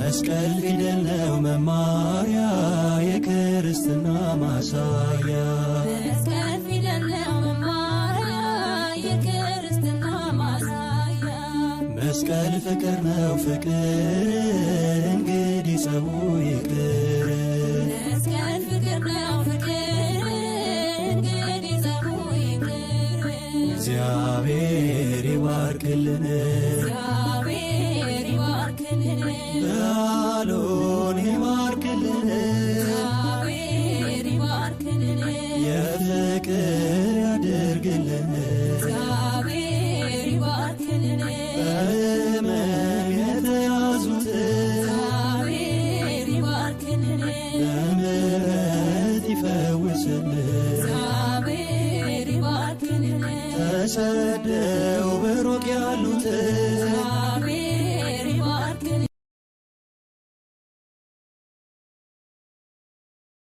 መስቀል ፊደል ነው መማሪያ የክርስትና ማሳያ መስቀል ፍቅር ነው ፍቅር እንግዲህ ሰው ይቅር እግዚአብሔር ይባርክልን ቃሉን ይባርክልን የፍቅር ያድርግልን በሕመም የተያዙትን በምሕረት ይፈውስልን ተሰደው በሩቅ ያሉትን